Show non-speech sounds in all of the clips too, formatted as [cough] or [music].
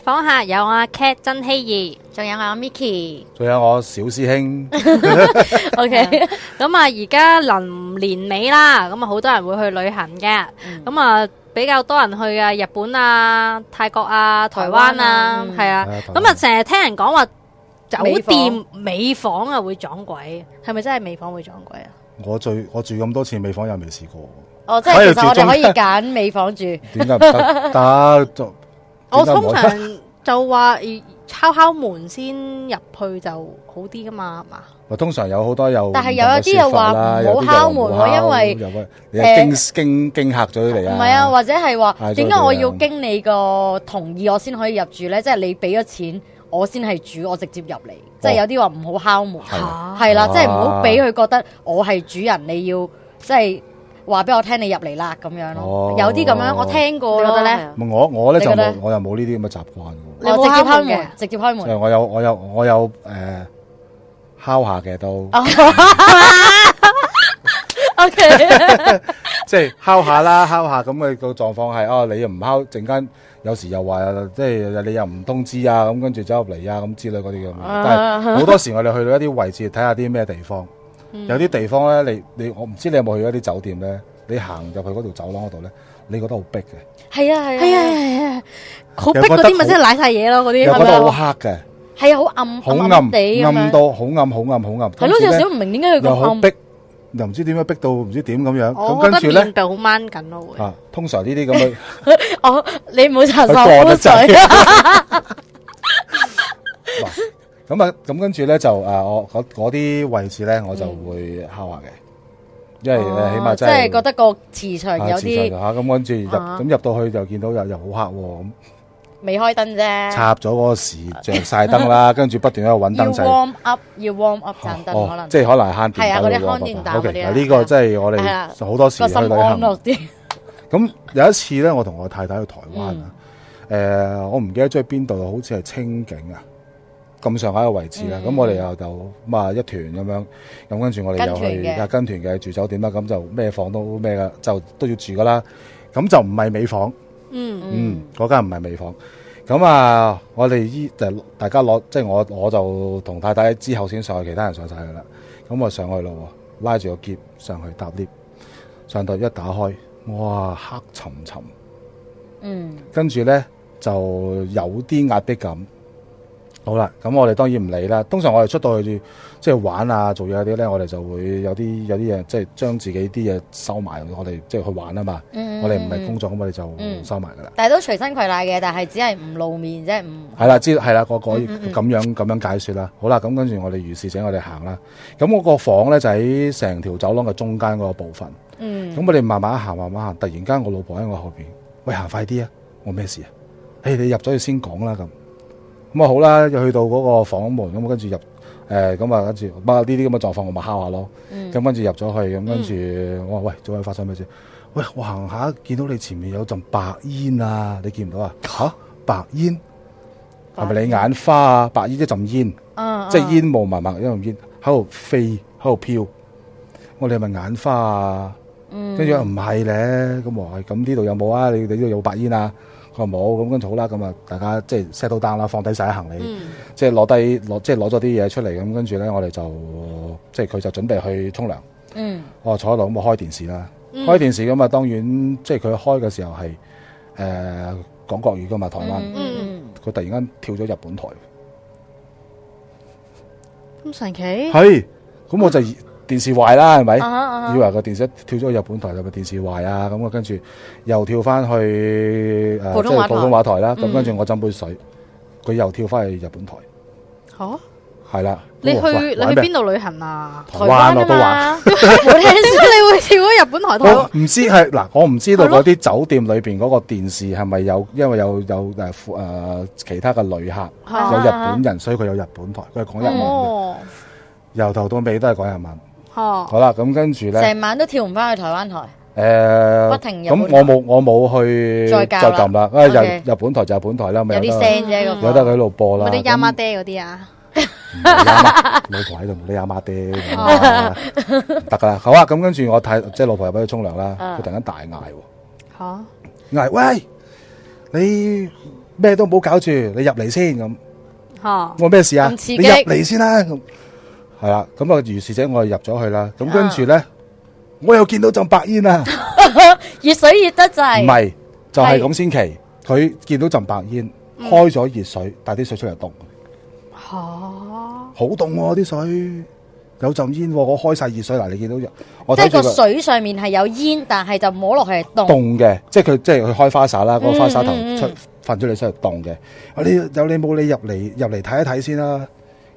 房客有阿 Cat、珍希怡，仲有阿 Miki，仲有我小師兄。O K，咁啊，而家臨年尾啦，咁啊，好多人會去旅行嘅，咁啊，比較多人去啊，日本啊、泰國啊、台灣啊，係啊，咁、嗯、啊，成日灣聽人講話酒店尾房，尾房啊會撞鬼，係咪真係尾房會撞鬼啊？我住我住咁多次尾房又未試過，哦，即係其實我哋可以揀尾房住，點解唔得。 [laughs] 我通常就話敲敲門先入去就好啲㗎嘛，係嘛？我通常有好多有，但係有一啲又話唔好敲門，我因為誒驚驚驚嚇咗你啊！唔係啊，或者係話點解我要經你個同意我先可以入住咧？即係你俾咗錢，我先係主，我直接入嚟。哦、即係有啲話唔好敲門，係啦、啊，即係唔好俾佢覺得我係主人，你要即係。話俾我聽你入嚟啦，咁樣咯，oh，有啲咁樣，我聽過，oh，你覺得咧？我呢呢我咧就我又冇呢啲咁嘅習慣嘅。你直接敲門，直接開門。我有我有我有誒、呃、敲下嘅都。O K，即係敲下啦，敲下咁嘅個狀況係哦，你又唔敲，陣間有時又話即係你又唔通知啊，咁跟住走入嚟啊，咁之類嗰啲咁。Oh。但係好多時我哋去到一啲位置睇下啲咩地方。有啲地方咧，你你我唔知你有冇去一啲酒店咧？你行入去嗰條走廊嗰度咧，你覺得好逼嘅？係啊係啊係啊係啊，好逼啲咪即係瀨晒嘢咯嗰啲係啊，又覺得好黑嘅，係啊，好暗，好暗暗到，好暗好暗好暗。係咯，又想唔明點解要咁暗？又好逼，又唔知點樣逼到唔知點咁樣。咁跟住咧，好掹緊咯。啊，通常呢啲咁嘅，我你唔好查實。過咗陣。咁啊，咁跟住咧就誒，我嗰啲位置咧，我就會敲下嘅，因為起碼即係覺得個磁場有啲吓。咁跟住入，咁入到去就見到又又好黑喎，咁未開燈啫。插咗嗰個時，着晒燈啦，跟住不斷喺度揾燈仔。要 warm up，要 warm up 盞燈，可能即係可能慳電。係啊，啲慳電燈。呢個真係我哋好多時都喺度行落啲。咁有一次咧，我同我太太去台灣啊，誒，我唔記得咗喺邊度，好似係清景境啊。咁上下嘅位置啦，咁、嗯、我哋又就嘛一團咁樣，咁、嗯、跟住我哋又去，係跟團嘅住酒店啦，咁就咩房都咩噶，就都要住噶啦。咁就唔係美房，嗯嗯，嗰、嗯嗯、間唔係美房。咁啊，我哋依就大家攞，即係我我就同太太之後先上去，其他人上曬噶啦。咁我就上去咯，拉住個篋上去搭 lift，上到一打開，哇黑沉沉，嗯，跟住咧就有啲壓迫感。好啦，咁、嗯、我哋當然唔理啦。通常我哋出到去即係玩啊，做嘢嗰啲咧，我哋就會有啲有啲嘢，即係將自己啲嘢收埋。我哋即係去玩啊嘛。嗯、我哋唔係工作咁，我哋就收埋噶啦。但係都隨身攜帶嘅，但係只係唔露面啫。唔係啦，知係啦，個個咁、嗯嗯嗯、樣咁樣解説啦。好啦，咁跟住我哋如是者，我哋行啦。咁、嗯、我、嗯、個房咧就喺成條走廊嘅中間嗰個部分。咁、嗯、我哋慢慢行，慢慢行。突然間我我，我老婆喺我後邊，喂，行快啲啊！我咩事啊？誒、欸、你入咗去先講啦咁。咁啊好啦，又去到嗰個房門，咁啊跟住入，誒咁啊跟住，乜呢啲咁嘅狀況我咪敲下咯。咁跟住入咗去，咁跟住我話喂，做咩發生咩事？喂，我行下見到你前面有陣白煙啊，你見唔到啊？吓，白煙係咪白你眼花啊？白煙一陣煙，嗯、即係煙霧密密一陣煙喺度飛喺度飄。我哋係咪眼花啊？跟住又唔係咧，咁我話咁呢度有冇啊？你你呢度有白煙啊？佢話冇，咁跟住好啦，咁啊，大家即係 set 到單啦，放低晒行李，嗯、即係攞低，攞即係攞咗啲嘢出嚟，咁跟住咧，我哋就即係佢就準備去沖涼。嗯，我坐喺度咁，我開電視啦，開電視咁啊，當然即係佢開嘅時候係誒講國語㗎嘛，台灣、嗯。嗯、佢、嗯、突然間跳咗日本台，咁神奇。係，咁我就。電視壞啦，係咪？以為個電視跳咗去日本台，就個電視壞啊！咁啊，跟住又跳翻去誒，即係普通話台啦。咁跟住我斟杯水，佢又跳翻去日本台。嚇，係啦。你去你去邊度旅行啊？台灣啦嘛，我都玩。點解你會跳去日本台？我唔知係嗱，我唔知道嗰啲酒店裏邊嗰個電視係咪有，因為有有誒誒其他嘅旅客有日本人，所以佢有日本台，佢係講日文嘅，由頭到尾都係講日文。好啦，咁跟住咧，成晚都跳唔翻去台灣台誒，不停咁，我冇我冇去再撳啦，日日本台就日本台啦，咪有啲聲啫咁，有得佢喺度播啦，啲阿媽爹嗰啲啊，老婆喺度，你阿媽爹得噶啦，好啊，咁跟住我太即係老婆入咗去沖涼啦，佢突然間大嗌喎，吓，嗌，喂，你咩都唔好搞住，你入嚟先咁，吓，我咩事啊，你入嚟先啦。係啦，咁啊，如是者我入咗去啦。咁跟住咧，啊、我又見到浸白煙啦 [laughs] 熱水熱得滯，唔係就係咁先奇。佢是見到浸白煙，開咗熱水，但啲水出嚟凍。吓、嗯，好凍啲、啊、水，有陣煙、啊，我開晒熱水嗱，你見到入，即係個水上面係有煙，但係就摸落去係凍。凍嘅，即係佢即係佢開花灑啦，個花灑頭出噴出嚟先凍嘅。我你，嗯、你有你冇你入嚟入嚟睇一睇先啦。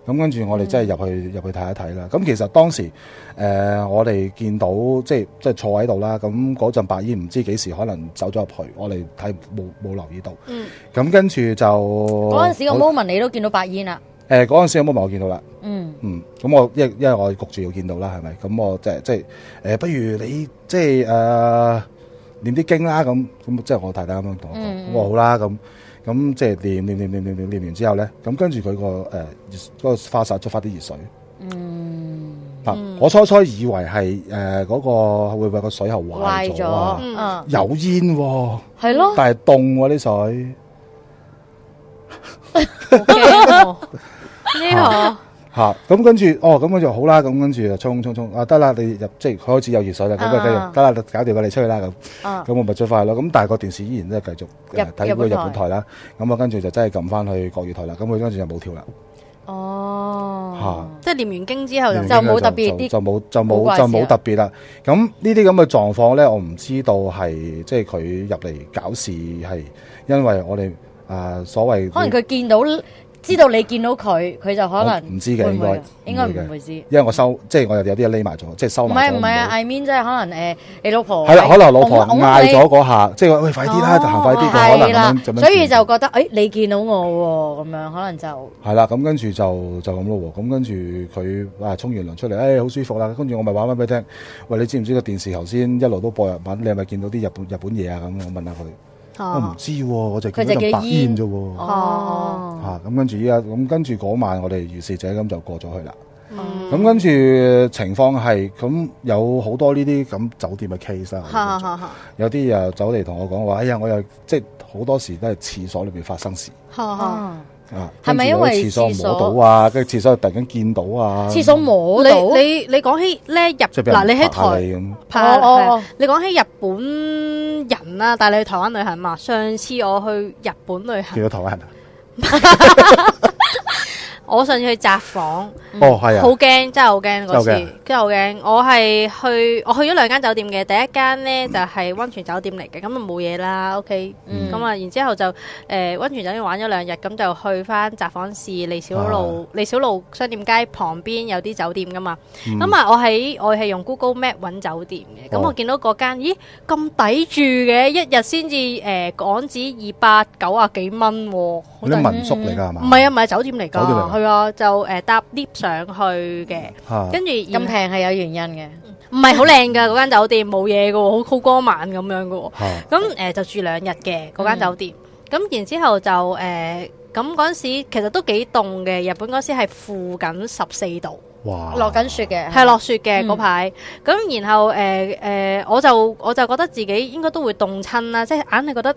咁跟住我哋真係入去入去睇一睇啦。咁其實當時誒、呃、我哋見到即係即係坐喺度啦。咁嗰陣白煙唔知幾時可能走咗入去，我哋睇冇冇留意到。嗯。咁跟住就嗰陣時個 moment 我你都見到白煙啦。誒、呃，嗰陣時個 moment 我見到啦。嗯。嗯。咁我因因為我焗住要見到啦，係咪？咁我即係即係誒，不如你即係誒唸啲經啦。咁咁即係我太太咁樣講講。嗯。我好啦咁。咁即係煉煉煉煉煉煉完之後咧，咁跟住佢個誒，嗰個花灑出翻啲熱水。嗯，嗱，我初初以為係誒嗰個會唔會個水喉壞咗，有煙喎，係咯，但係凍喎啲水。呢個。吓，咁跟住，哦，咁我就好啦，咁跟住就衝衝衝，啊得啦，你入即係佢開始有熱水啦，咁啊繼續，得啦，搞掂佢，你出去啦，咁，咁我咪最快咯。咁但係個電視依然都係繼續睇嗰個日本台啦。咁啊跟住就真係撳翻去國語台啦。咁佢跟住就冇跳啦。哦，嚇，即係念完經之後就冇特別，就冇就冇就冇特別啦。咁呢啲咁嘅狀況咧，我唔知道係即係佢入嚟搞事係因為我哋啊所謂可能佢見到。知道你見到佢，佢就可能唔知嘅，應該應該唔會知。因為我收，即係我又有啲嘢匿埋咗，即係收埋。唔係唔係啊，I mean，即係可能誒、呃，你老婆係啦，可能老婆嗌咗嗰下，嗯、即係喂、哎、快啲啦，就行、哦、快啲嘅可能咁樣，所以就覺得誒、哎，你見到我喎、哦，咁樣可能就係啦。咁跟住就就咁咯。咁跟住佢哇，沖完涼出嚟，誒、哎、好舒服啦。跟住我咪話翻俾你聽，喂，你知唔知個電視頭先一路都播日文？你係咪見到啲日本日本嘢啊？咁我問下佢。我唔、啊啊、知喎、啊，我就叫佢白煙啫喎。吓咁跟住依家，咁跟住嗰晚我哋如是者咁就過咗去啦。咁、嗯、跟住情況係咁、嗯，有好多呢啲咁酒店嘅 case 啊。啊啊有啲又走嚟同我講話：哎呀，我又即係好多時都係廁所裏邊發生事。啊啊啊啊啊，係咪因為廁所摸到啊？跟住廁所突然間見到啊！廁所摸到、嗯、你，你講起咧入嗱，你喺、啊、台灣，我你講起日本人啊，帶你去台灣旅行嘛？上次我去日本旅行，見到台灣人啊。 [laughs] [laughs] 我上次去札幌，哦係啊，好驚，真係好驚嗰時，真係好驚。我係去我去咗兩間酒店嘅，第一間咧就係溫泉酒店嚟嘅，咁啊冇嘢啦。O K，咁啊然之後就誒溫泉酒店玩咗兩日，咁就去翻札幌市狸小路狸小路商店街旁邊有啲酒店噶嘛。咁啊我喺我係用 Google Map 搵酒店嘅，咁我見到嗰間，咦咁抵住嘅，一日先至誒港紙二百九啊幾蚊，好多民宿嚟噶係嘛？唔係啊，唔係酒店嚟噶。係啊、哦，就誒搭 lift 上去嘅，跟住咁平係有原因嘅，唔係好靚噶，嗰間酒店，冇嘢嘅喎，好好光猛咁樣嘅喎，咁誒、嗯、就住兩日嘅嗰間酒店，咁、嗯、然之後就誒咁嗰陣時其實都幾凍嘅，日本嗰時係負緊十四度，哇，落緊雪嘅，係落雪嘅嗰排，咁、嗯、然後誒誒，我、呃、就、呃、我就覺得自己應該都會凍親啦，即係硬係覺得。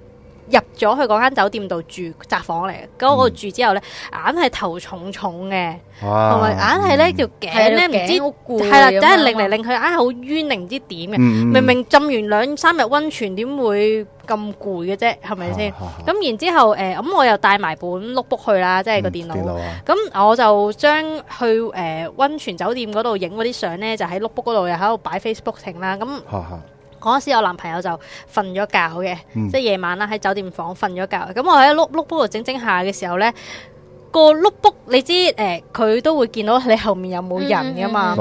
入咗去嗰間酒店度住雜房嚟，咁我住之後咧，硬係頭重重嘅，同埋硬係咧條頸咧唔知好攰，係啦，真係擰嚟擰去硬係好冤，定唔知點嘅，明明浸完兩三日溫泉，點會咁攰嘅啫？係咪先？咁然之後誒，咁我又帶埋本 notebook 去啦，即係個電腦，咁我就將去誒溫泉酒店嗰度影嗰啲相咧，就喺 notebook 嗰度又喺度擺 Facebook 停啦，咁。嗰陣時，我男朋友就瞓咗覺嘅，嗯、即係夜晚啦，喺酒店房瞓咗覺。咁我喺碌碌 book 度整整下嘅時候咧，個碌 book 你知誒，佢、呃、都會見到你後面有冇人噶嘛？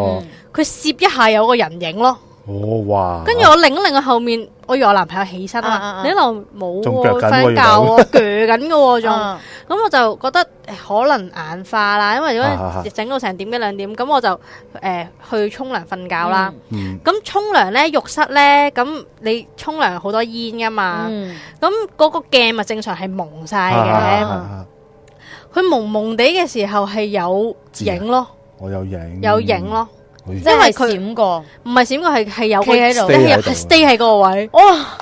佢攝一下有個人影咯。哦、哇！跟住我擰一擰，我後面，我以為我男朋友起身啦，啊啊啊，你一路冇瞓覺喎，鋸緊喎仲。咁我就覺得可能眼花啦，因為如果到整到成點一兩點，咁、啊啊、我就誒、呃、去沖涼瞓覺啦。咁沖涼咧，浴室咧，咁你沖涼好多煙噶嘛。咁嗰、嗯、個鏡咪正常係蒙晒嘅，佢、啊啊嗯、蒙蒙地嘅時候係有影咯，我有影，有影咯。因為佢閃過，唔係閃過，係係有企喺度，你係 stay 喺個位，哦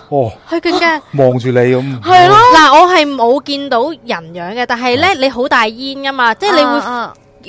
哦，係佢嘅望住你咁，係咯，嗱，我係冇見到人樣嘅，但係咧你好大煙噶嘛，即係你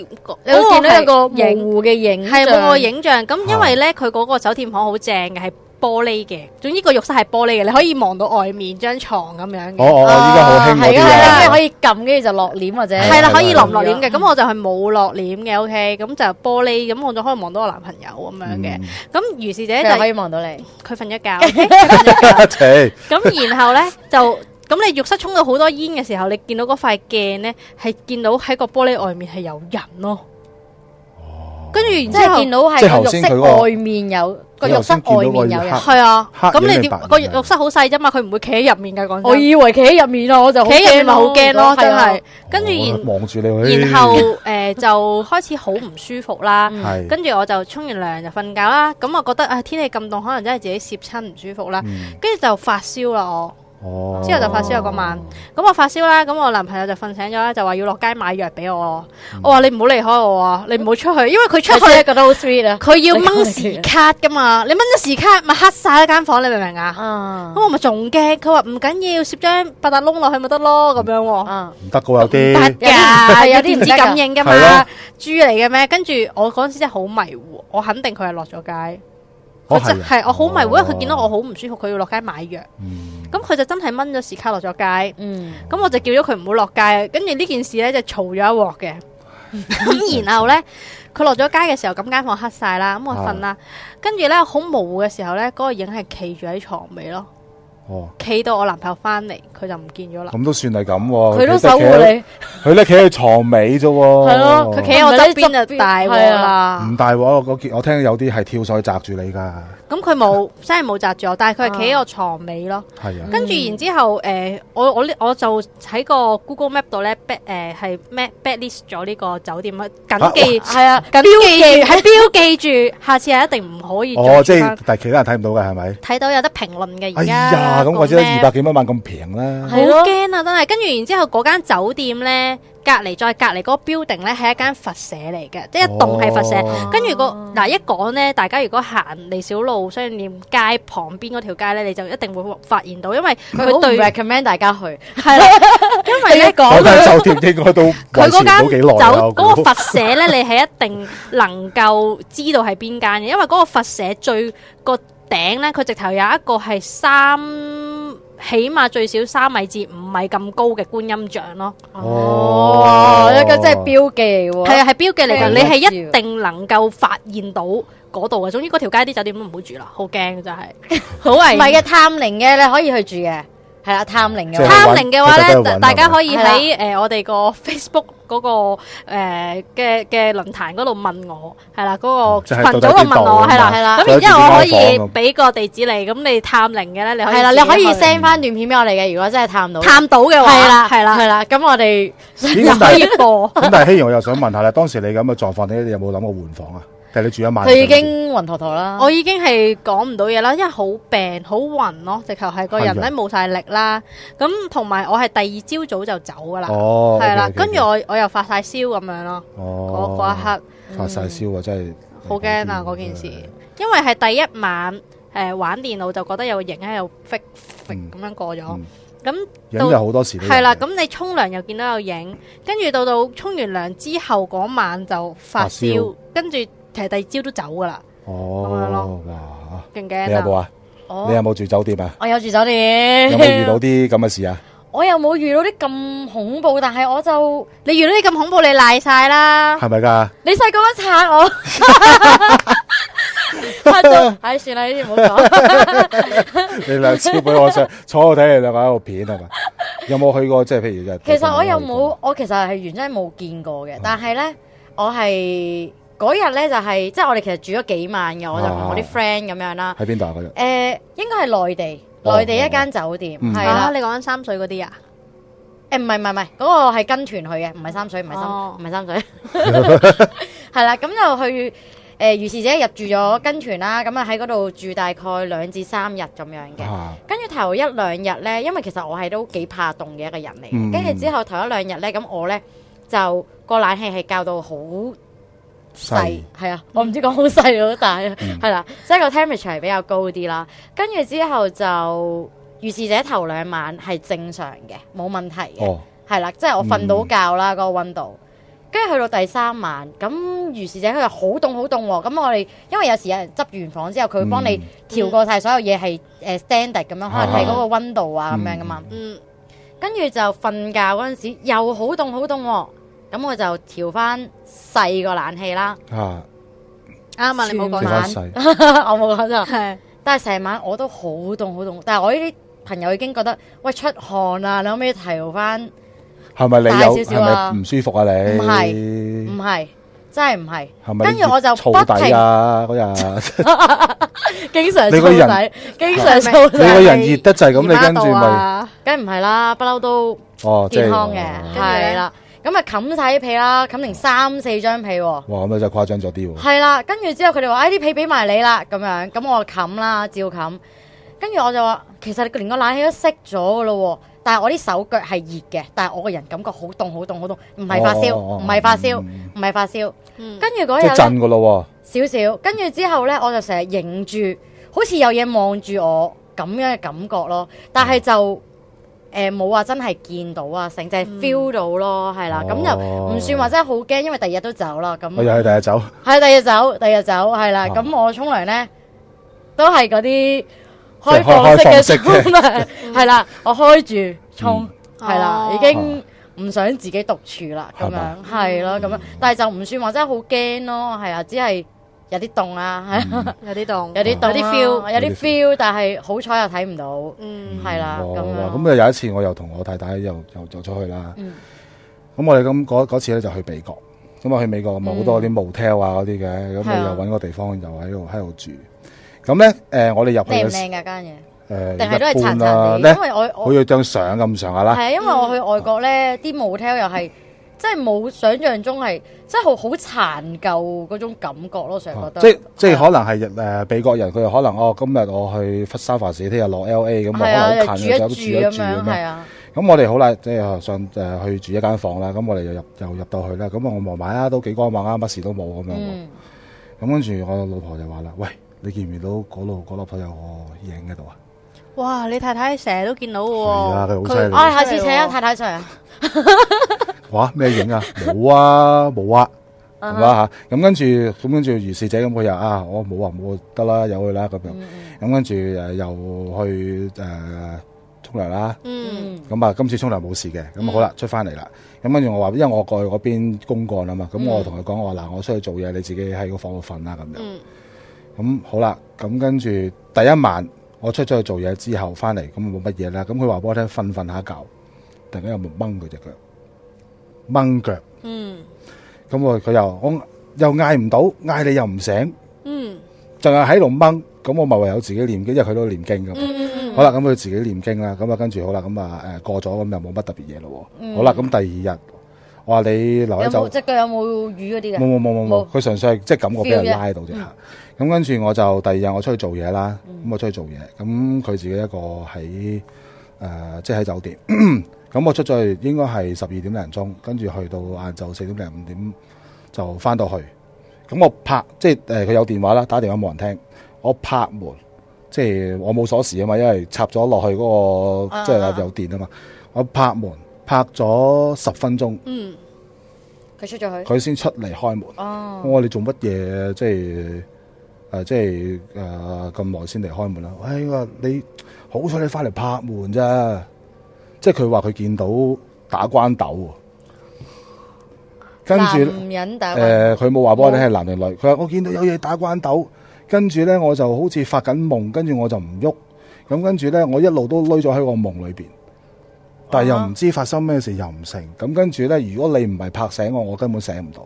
會，你會見到一個模糊嘅影，係個影像，咁因為咧佢嗰個酒店房好正嘅係。玻璃嘅，總之個浴室係玻璃嘅，你可以望到外面張床咁樣嘅。哦哦，依家好興係啊，係啊，跟住可以撳，跟住就落簾或者係啦，可以淋落簾嘅。咁我就係冇落簾嘅。O K，咁就玻璃咁，我就可以望到我男朋友咁樣嘅。咁於是者就可以望到你，佢瞓咗覺。咁然後咧就，咁你浴室沖咗好多煙嘅時候，你見到嗰塊鏡咧係見到喺個玻璃外面係有人咯。跟住然之後見到係個浴室外面有。個浴室外面有人，係啊，咁你點？個浴室好細啫嘛，佢唔會企喺入面嘅。講我以為企喺入面咯，我就企喺入面好驚，咪好驚咯，真係。跟住然，望住你，然後誒就開始好唔舒服啦。跟住我就沖完涼就瞓覺啦。咁我覺得啊，天氣咁凍，可能真係自己攝親唔舒服啦。跟住就發燒啦我。哦、之後就發燒咗個晚，咁我發燒啦，咁我男朋友就瞓醒咗啦，就話要落街買藥俾我，嗯、我話你唔好離開我啊，你唔好出去，因為佢出去覺得好 sweet 啊！佢要掹時卡噶嘛，你掹咗時卡咪黑晒一間房，你明唔明啊？咁我咪仲驚，佢話唔緊要，攝張八達窿落去咪得咯，咁樣，唔得噶有啲，有啲有啲唔知感應噶嘛，豬嚟嘅咩？跟住我嗰陣時真係好迷糊，我肯定佢係落咗街。真哦、我就係我好迷糊，佢見、哦、到我好唔舒服，佢要落街買藥。咁佢、嗯、就真係掹咗匙卡落咗街。咁、嗯、我就叫咗佢唔好落街。跟住呢件事咧就嘈咗一鑊嘅。咁、嗯、 [laughs] 然後咧，佢落咗街嘅時候，咁、這、間、個、房黑晒啦。咁、嗯、我瞓啦。啊、跟住咧好模糊嘅時候咧，嗰、那個影係企住喺床尾咯。企、哦、到我男朋友翻嚟，佢就唔見咗啦。咁都算係咁、啊，佢都守護你。佢咧企喺床尾啫、啊。係咯、 [laughs] 啊，佢企喺我左邊邊就大鑊、啊、啦。唔、啊、大鑊、啊，我我聽有啲係跳水砸住你噶。咁佢冇真係冇扎住我，但係佢係企喺個床尾咯。係啊，跟住然之後，誒，我我咧我就喺個 Google Map 度咧，誒係 make blacklist 咗呢個酒店。緊記係啊，標記係標記住，下次係一定唔可以。哦，即係但係其他人睇唔到嘅係咪？睇到有得評論嘅而家，咁我知得二百幾蚊萬咁平啦。好驚啊，真係！跟住然之後嗰間酒店咧。隔離再隔離嗰個 building 咧，係一間佛社嚟嘅，即係一棟係佛社。跟住個嗱一講咧，大家如果行離小路雙連街旁邊嗰條街咧，你就一定會發現到，因為佢好 recommend 大家去，係啦。因為一講咧酒店都佢嗰間酒嗰個佛社咧，你係一定能夠知道係邊間嘅，因為嗰個佛社最個頂咧，佢直頭有一個係三起碼最少三米至五米咁高嘅觀音像咯。哦，一個即係標記嚟喎，係啊係標記嚟㗎，你係一定能夠發現到嗰度嘅。總之嗰條街啲酒店都唔好住啦，好驚真係，好 [laughs] 危唔係嘅，探靈嘅你可以去住嘅。係啦，探靈嘅。探靈嘅話咧，大大家可以喺誒我哋個 Facebook 嗰個誒嘅嘅論壇嗰度問我，係啦，嗰個群組度問我，係啦係啦。咁然之後我可以俾個地址你，咁你探靈嘅咧，你可以係啦，你可以 send 翻段片俾我嚟嘅。如果真係探到探到嘅話，係啦係啦係啦。咁我哋可以播。咁但係，希瑩，我又想問下啦，當時你咁嘅狀況，你有冇諗過換房啊？你住一晚佢已經暈陀陀啦。我已經係講唔到嘢啦，因為好病，好暈咯。直頭係個人咧冇晒力啦。咁同埋我係第二朝早就走噶啦，係啦。跟住我我又發晒燒咁樣咯。嗰嗰一刻發晒燒啊！真係好驚啊！嗰件事，因為係第一晚誒玩電腦就覺得有影喺度，fit fit 咁樣過咗咁。都有好多時係啦。咁你沖涼又見到有影，跟住到到沖完涼之後嗰晚就發燒，跟住。其實第二朝都走噶啦，哦，哇。勁勁，你有冇啊？你有冇住酒店啊？我有住酒店。有冇遇到啲咁嘅事啊？我又冇遇到啲咁恐怖，但係我就你遇到啲咁恐怖，你賴晒啦，係咪噶？你細個一拆我，拆咗。唉，算啦，呢啲唔好講。你兩次，俾我上坐我睇你兩個喺度片係嘛？有冇去過即係譬如即係？其實我又冇，我其實係原真冇見過嘅，但係咧，我係。嗰日咧就係，即係我哋其實住咗幾晚嘅，我就同我啲 friend 咁樣啦。喺邊度啊嗰日？誒，應該係內地，內地一間酒店。係啊，你講緊三水嗰啲啊？誒，唔係唔係唔係，嗰個係跟團去嘅，唔係三水，唔係三，唔係三水。係啦，咁就去誒，如是者入住咗跟團啦，咁啊喺嗰度住大概兩至三日咁樣嘅。跟住頭一兩日咧，因為其實我係都幾怕凍嘅一個人嚟，跟住之後頭一兩日咧，咁我咧就個冷氣係教到好較到。細係啊，我唔知講好細好大、嗯、啊，係啦，即係個 temperature 係比較高啲啦。跟住之後就如是者頭兩晚係正常嘅，冇問題嘅，係啦、哦啊，即係我瞓到覺啦，嗰、嗯、個溫度。跟住去到第三晚，咁如是者佢又好凍好凍喎。咁我哋因為有時有人執完房之後，佢會幫你調過晒所有嘢係誒 standard 咁樣，可能睇嗰個溫度啊咁樣噶嘛。嗯，嗯，嗯。跟住就瞓覺嗰陣時又好凍好凍。咁我就調翻細個冷氣啦。啊，啱啊！你冇講細，我冇講錯。係，但係成晚我都好凍，好凍。但係我呢啲朋友已經覺得，喂出汗啊！你可唔可以調翻，係咪你有少少唔舒服啊？你唔係，唔係，真係唔係。跟住我就燥底啊！嗰日經常燥底，經常燥底。你個人熱得滯咁，你跟住咪，梗唔係啦，不嬲都哦健康嘅，係啦。咁咪冚晒啲被啦，冚成三四張被喎。哇！咁啊真係誇張咗啲喎。係啦，跟住之後佢哋話，哎，啲被俾埋你啦，咁樣。咁我啊冚啦，照冚。跟住我就話，其實你連個冷氣都熄咗嘅咯喎，但係我啲手腳係熱嘅，但係我個人感覺好凍，好凍，好凍，唔係發燒，唔係、哦哦哦、發燒，唔係、嗯、發燒。跟住嗰日即係震嘅咯喎。少少。跟住之後咧，我就成日凝住，好似有嘢望住我咁樣嘅感覺咯，但係就。嗯誒，冇話真係見到啊，成隻 feel 到咯，係啦，咁又唔算話真係好驚，因為第二日都走啦，咁我又係第二日走，係第二日走，第二日走，係啦，咁我沖涼咧都係嗰啲開放式嘅沖涼，係啦，我開住沖，係啦，已經唔想自己獨處啦，咁樣係咯，咁樣，但係就唔算話真係好驚咯，係啊，只係。有啲凍啊，有啲凍，有啲有啲 feel，有啲 feel，但係好彩又睇唔到，嗯，係啦。咁啊，咁啊有一次我又同我太太又又走出去啦。咁我哋咁嗰嗰次咧就去美國。咁啊去美國咪好多啲 motel 啊嗰啲嘅，咁你又揾個地方又喺度喺度住。咁咧誒，我哋入去靚唔靚㗎間嘢？誒，定係都係殘殘地。因為外我有張相咁上下啦。係啊，因為我去外國咧，啲 motel 又係。即係冇想象中係，即係好好殘舊嗰種感覺咯，成日、啊、覺得。即是即係可能係誒美國人，佢可能哦，今日我去三藩市，聽日落 L A 咁，可能好近嘅、啊、就住一住咁樣。咁、啊、我哋好啦，即係上誒、呃、去住一間房啦。咁我哋又入又入到去啦。咁啊，我望埋啊，都幾乾淨啊，乜事都冇咁樣。咁跟住我老婆就話啦，喂，你見唔見到嗰度嗰粒鋪有我影喺度啊？哇！你太太成日都見到喎、喔。係啊，佢好犀利。我下次請阿太太上。 [laughs] 話咩影啊？冇啊，冇啊、uh，係嘛吓？咁跟住，咁跟住如是者咁佢又啊，我冇啊，冇得啦，有去啦咁樣。咁跟住誒，又去誒沖涼啦。嗯、mm。咁、hmm. 啊，今次沖涼冇事嘅。咁好啦，出翻嚟啦。咁跟住我話，因為我過去嗰邊公幹啊嘛。咁我同佢講，我話嗱，我出去做嘢，你自己喺個房度瞓啦咁樣。咁好啦。咁跟住第一晚我出咗去做嘢之後翻嚟，咁冇乜嘢啦。咁佢話俾我聽瞓瞓下覺，突然間又掹佢隻腳。掹腳，咁我佢又我又嗌唔到，嗌你又唔醒，就係喺度掹，咁我咪唯有自己念經，因為佢都念經噶嘛。好啦，咁佢自己念經啦，咁啊跟住好啦，咁啊誒過咗，咁又冇乜特別嘢咯。好啦，咁第二日，我話你留喺酒店，隻腳有冇魚嗰啲嘅？冇冇冇冇冇，佢純粹係即係感覺俾人拉到啫。咁跟住我就第二日我出去做嘢啦，咁我出去做嘢，咁佢自己一個喺誒，即係喺酒店。咁我出咗去，應該係十二點零鐘，跟住去到晏晝四點零五點就翻到去。咁我拍，即係誒，佢、呃、有電話啦，打電話冇人聽。我拍門，即係我冇鎖匙啊嘛，因為插咗落去嗰、嗰個啊啊啊即係有電啊嘛。我拍門，拍咗十分鐘。嗯，佢出咗去，佢先出嚟開門。哦，我話你做乜嘢？即係誒、呃，即係誒，咁耐先嚟開門啊？哎呀，你好彩你翻嚟拍門咋。即係佢話佢見到打關斗，跟住誒，佢冇話幫你哋係男定女。佢話我見到有嘢打關斗，跟住咧我就好似發緊夢，跟住我就唔喐。咁跟住咧我一路都攞咗喺個夢裏邊，但係又唔知發生咩事又唔成。咁跟住咧，如果你唔係拍醒我，我根本醒唔到。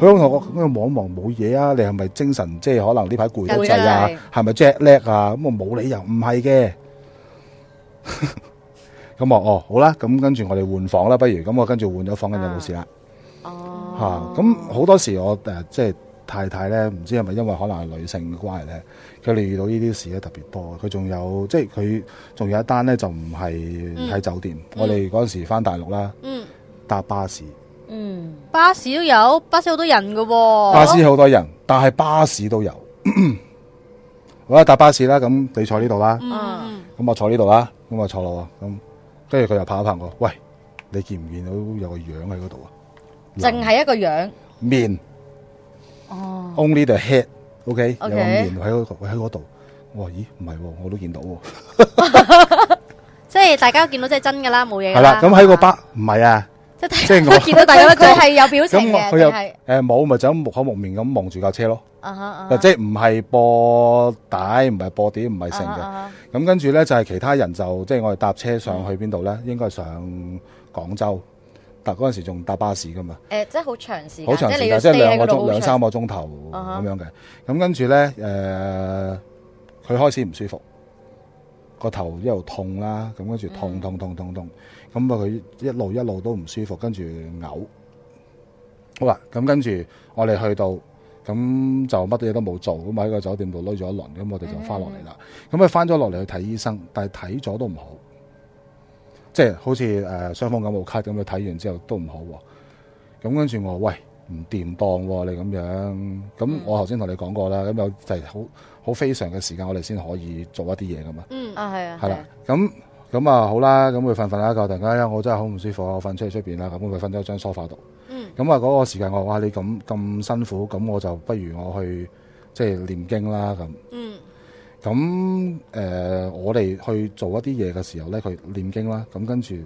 佢同、嗯、我講，我望望冇嘢啊，你係咪精神？即係可能呢排攰到滯啊？係咪 jet lag 啊？咁我冇理由唔係嘅。 [laughs] 咁啊哦，好啦，咁跟住我哋換房啦，不如咁我跟住換咗房，跟住冇事啦。哦、嗯，嚇、嗯，咁、嗯、好多時我誒即係太太咧，唔知係咪因為可能係女性嘅關係咧，佢哋遇到呢啲事咧特別多。佢仲有即係佢仲有一單咧，就唔係喺酒店。我哋嗰陣時翻大陸啦，嗯、搭巴士，嗯、巴士都有，巴士好多人嘅喎，巴士好多人，但係巴士都有。好啦， [coughs] 搭巴士啦，咁你坐呢度啦，嗯，咁、嗯、我坐呢度啦，咁我坐咯，咁。跟住佢又拍一拍我，喂，你見唔見到有個樣喺嗰度啊？淨係一個樣面，哦，only the head，OK，有冇面喺嗰？喺嗰度，我話咦，唔係，我都見到，即係大家都見到，即係真噶啦，冇嘢啦。咁喺個包，唔係啊。即係 [laughs] 見到大家佢係有表情嘅，係誒冇咪就木口木面咁望住架車咯。嗱、uh，huh, uh huh. 即係唔係播帶，唔係播碟，唔係成嘅。咁跟住咧就係其他人就即係我哋搭車上去邊度咧？應該上廣州搭嗰陣時仲搭巴士噶嘛？誒，uh, 即係好長時間，好長時間即係兩個鐘兩三個鐘頭咁、uh huh. 樣嘅。咁跟住咧，誒、呃，佢開始唔舒服，個頭又痛啦。咁跟住痛痛痛痛痛。咁、嗯嗯哦、啊！佢一路一路都唔舒服，跟住嘔。好啦，咁跟住我哋去到，咁就乜嘢都冇做，咁喺個酒店度攞咗一輪，咁我哋就翻落嚟啦。咁佢翻咗落嚟去睇醫生，但係睇咗都唔好，即係好似誒雙方感冒卡咁啊！睇完之後都唔好。咁跟住我話：喂，唔掂當喎！你咁樣，咁我頭先同你講過啦，咁有就係好好非常嘅時間，我哋先可以做一啲嘢噶嘛。嗯啊，係啊，係啦，咁。咁啊，好啦，咁佢瞓瞓啦，結果突然間，我真係好唔舒服，我瞓出去出邊啦。咁佢瞓咗張梳化度。嗯。咁啊，嗰個時間我話，你咁咁辛苦，咁我就不如我去即係、就是、念經啦。咁嗯。咁誒、呃，我哋去做一啲嘢嘅時候咧，佢念經啦。咁跟住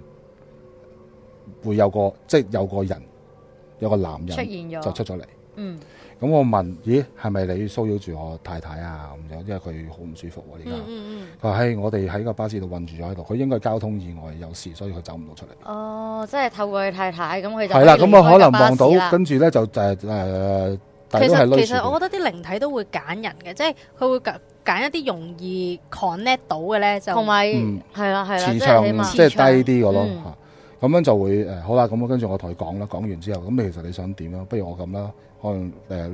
會有個，即係有個人，有個男人出，出現咗，就出咗嚟。嗯，咁我問，咦，係咪你騷擾住我太太啊？咁樣，因為佢好唔舒服喎，啊，而家。嗯嗯。佢話：嘿，我哋喺個巴士度困住咗喺度，佢應該交通意外有事，所以佢走唔到出嚟。哦，即係透過佢太太，咁佢就係啦。咁我、嗯、可能望到，跟住咧就誒誒，其實其實我覺得啲靈體都會揀人嘅，即係佢會揀揀一啲容易 connect 到嘅咧，就同埋係啦係啦，即係即係低啲嘅咯。嗯咁樣就會誒、欸、好啦，咁跟住我同佢講啦。講完之後，咁、嗯、其實你想點啊？不如我咁啦，可能誒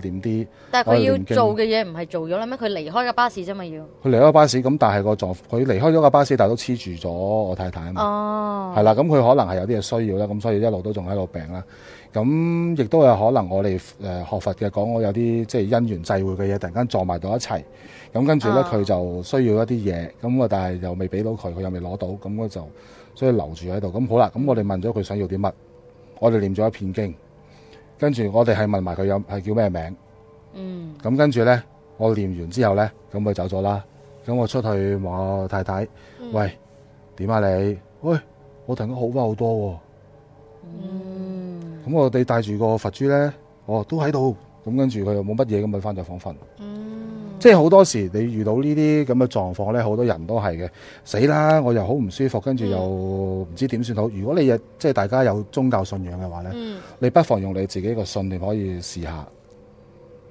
念啲。呃、但係佢要做嘅嘢唔係做咗啦咩？佢離開個巴士啫嘛，要。佢離開巴士咁，但係個座佢離開咗個巴士，但係都黐住咗我太太啊嘛。哦。係啦，咁、嗯、佢可能係有啲嘢需要啦，咁所以一路都仲喺度病啦。咁、嗯、亦都有可能我哋誒、呃、學佛嘅講，我有啲即係因緣際會嘅嘢，突然間撞埋到一齊。咁、嗯、跟住咧，佢、oh. 就需要一啲嘢。咁啊，但係又未俾到佢，佢又未攞到，咁我就。所以留住喺度，咁好啦。咁我哋問咗佢想要啲乜，我哋念咗一片經，跟住我哋係問埋佢有係叫咩名。嗯。咁跟住咧，我念完之後咧，咁佢走咗啦。咁我出去望我太太，嗯、喂，點啊你？喂，我同佢好翻好多喎、啊。嗯。咁我哋帶住個佛珠咧，哦，都喺度。咁跟住佢又冇乜嘢，咁咪翻咗房瞓。即係好多時，你遇到呢啲咁嘅狀況咧，好多人都係嘅，死啦！我又好唔舒服，跟住又唔知點算好。如果你亦即係大家有宗教信仰嘅話咧，嗯、你不妨用你自己個信念可以試下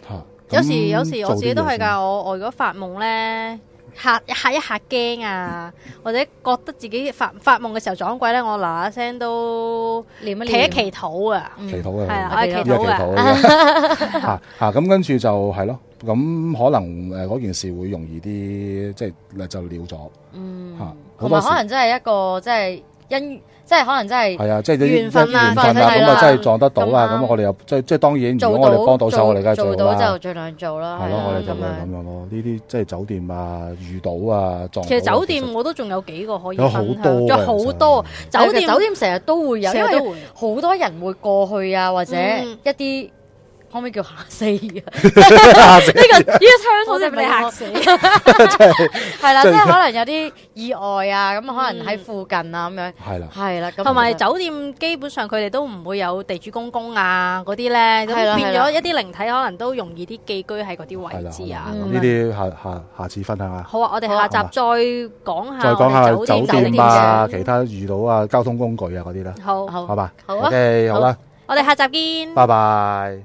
嚇。啊、有時有時，有時，有時我自己都係㗎，我我如果發夢咧。吓吓一吓驚啊！或者覺得自己發發夢嘅時候撞鬼咧，我嗱嗱聲都念一念祈一、嗯、祈禱啊！祈禱嘅係啊，要祈禱嘅吓吓咁，跟住就係咯。咁、啊、可能誒嗰、呃、件事會容易啲，即係就了咗。啊、嗯，同埋可能真係一個即係、就是、因。即係可能真係緣分緣分啊，咁啊真係撞得到啦。咁我哋又即係即係當然，如果我哋幫到手，我哋梗係最好啦。做到就儘量做啦。係咯，我哋做咁樣咁樣咯。呢啲即係酒店啊、遇到啊、撞到。其實酒店我都仲有幾個可以分，有好多，有好多酒店。酒店成日都會有，因為好多人會過去啊，或者一啲，可唔可以叫吓死啊！呢個呢個槍好似俾你嚇死，係啦，即係可能有啲意外啊，咁可能喺附近啊，咁樣係啦，係啦，同埋酒店基本上佢哋都唔會有地主公公啊嗰啲咧，咁變咗一啲靈體可能都容易啲寄居喺嗰啲位置啊。呢啲下下下次分享下好啊。我哋下集再講下再講下酒店啊，其他遇到啊，交通工具啊嗰啲啦。好，好，好吧，好啊，好啦，我哋下集見，拜拜。